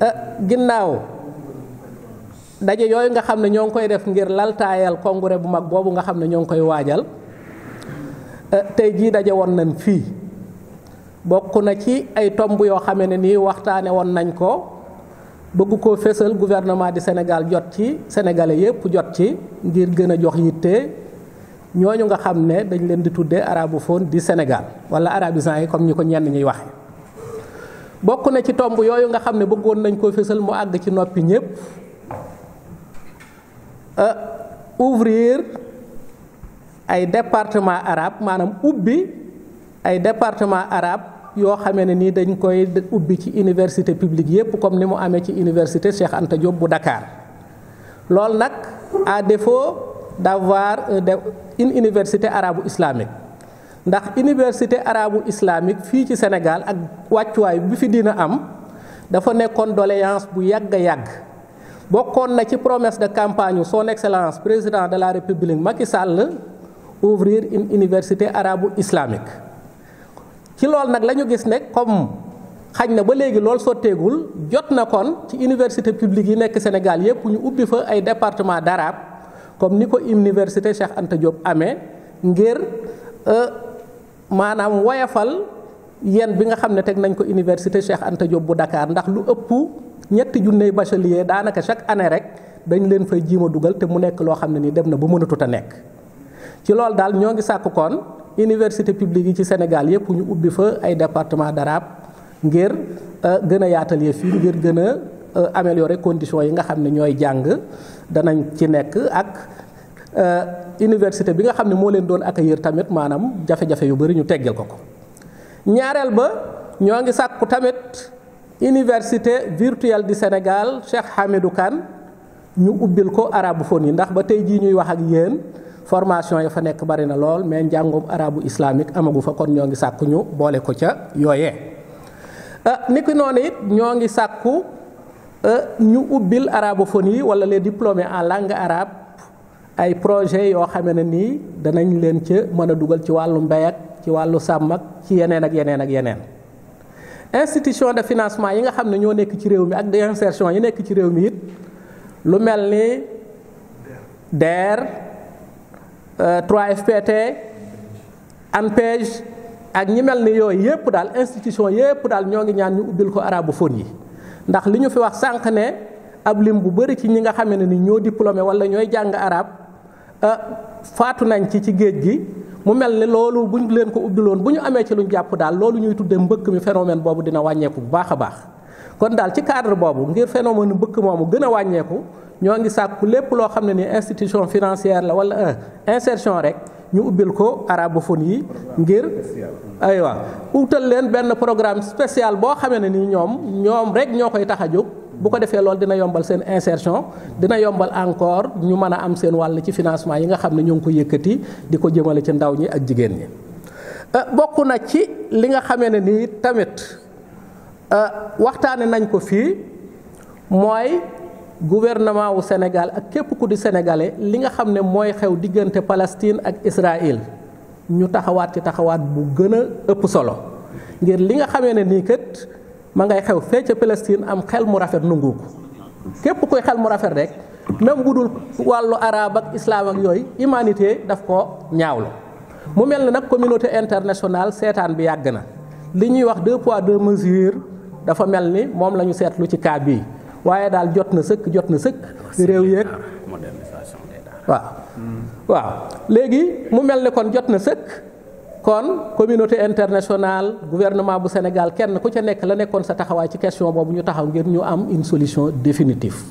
Eh, ginnaaw daje yooyu nga xam ne ñoo ngi koy def ngir laltaayal congrès bu mag boobu nga xam ne ñoo ngi koy waajal eh, tey jii daje woon nañ fii bokk na ci ay tomb yoo xame ne nii waxtaane woon nañ ko bëgg koo fésal gouvernement di Sénégal jot ci sénégalais yépp jot ci ngir gën a jox yitte ñu nga xam ne dañ leen di tuddee arabu arabophone di Sénégal wala arabisant yi comme ñi ko ñenn ñuy wax bokk na ci tomb yooyu nga xam ne bëggoon nañ koo fésal mu àgg ci noppi ñépp euh, ouvrir ay département arabe maanaam ubbi ay département arabe yoo xamee ne nii dañ koy ubbi ci université publique yépp comme ni mu amee ci université Cheikh Anta Diop bu Dakar loolu nag à défaut d'avoir euh, une université arabu islamique ndax université arabu islamique fii ci Sénégal ak wàccuwaay bi fi dina am dafa nekkoon doléance bu yàgg a yàgg bokkoon na ci promesse de campagne son excellence président de la république Macky Sall ouvrir une université arabu islamique ci loolu nag lañu gis ne comme xañ na ba léegi loolu sotteegul jot na kon ci université publique yi nekk Sénégal yépp ñu ubbi fa ay département d'arabe comme ni ko université Cheikh Anta Diop amee ngir euh, maanaam woyafal yéen bi nga xam ne teg nañ ko université Cheikh Anta Diop bu Dakar ndax lu ëpp ñetti junney bachelier daanaka chaque année rek dañ leen fay jiima dugal te mu nekk loo xam ne nii dem na bu mënatut a nekk. ci loolu daal ñoo ngi sàkk koon université publique yi ci Sénégal yëpp ñu ubbi fa ay département daraab ngir euh, gën a yaatal yëf yi ngir gën a euh, améliorer conditions yi nga xam ne ñooy jàng danañ ci nekk ak. Euh, université bi nga xam ne moo leen doon accueillir tamit maanaam jafe-jafe yu bëri ñu teggal ko ko ñaareel ba ñoo ngi sàkku tamit université virtuelle di Sénégal Cheikh Hamidou Kane ñu ubbil ko arabophone yi ndax ba tey jii ñuy wax ak yéen formation ya fa nekk bari na lool mais njàngum arabu islamique amagu fa kon ñoo ngi sàkku ñu boole ko ca yooyee euh, ni ki noonu it ñoo ngi sàkku euh, ñu ubbil arabophone yi wala les diplômés en langue arabe ay projet yoo xamee ne nii danañ leen ca mën a dugal ci wàllu mbéy ak ci wàllu sàmm ak ci yeneen ak yeneen ak yeneen institution de financement yi nga xam ne ñoo nekk ci réew mi ak de insertion nekk ci réew mi it lu mel ni DER euh, 3FPT ANPEJ ak ñi mel ni yooyu yépp daal institution yépp daal ñoo ngi ñaan ñu ubbil ko arabophone yi ndax li ñu fi wax sànq ne ab lim bu bëri ci ñi nga xam ne ni ñoo diplômé wala ñooy jàng arab Euh, faatu nañ ci ci géej gi mu mel ni loolu buñ leen ko ubbiloon bu ñu amee ci lu ñu jàpp daal loolu ñuy tuddee mbëkk mi phénomène boobu dina wàññeeku bu baax a baax kon daal ci cadre boobu ngir phénomène mbëkk moomu gën a wàññeeku ñoo ngi sàkku lépp loo xam ne ni institution financière la wala euh, insertion rek ñu ubbil ko arabophone yi ngir aywa utal leen benn programme spécial boo xamee ne ni ñoom ñoom rek ñoo koy tax a jóg bu ko defee loolu dina yombal seen insertion dina yombal encore ñu mën a am seen wàll ci financement yi nga xam ne ñu ngi ko yëkkati di ko jëmale ci ndaw ñi ak jigéen ñi. Euh, bokk na ci li nga xamee ne nii tamit euh, waxtaane nañ ko fii mooy gouvernement wu Sénégal ak képp ku di sénégalais li nga xam ne mooy xew diggante Palestine ak Israël ñu taxawaat ci taxawaat bu gën a ëpp solo ngir li nga xamee ne nii kët ma ngay xew fee ca Palestine am xel mu rafet nangu ko képp kuy xel mu rafet rek même bu dul wàllu arabe ak islam ak yooyu humanité daf ko ñaaw la mu mel ni nag communauté internationale seetaan bi yàgg na li ñuy wax deux poids deux mesures dafa mel ni moom la ñu seetlu ci cas bii waaye daal jot na sëkk jot na sëkk réew yeeg waaw waaw léegi mu mel ni kon jot na sëkk kon communauté internationale gouvernement bu Sénégal kenn ku ca nekk la nekkoon sa taxawaay ci question boobu ñu taxaw ngir ñu am une solution définitive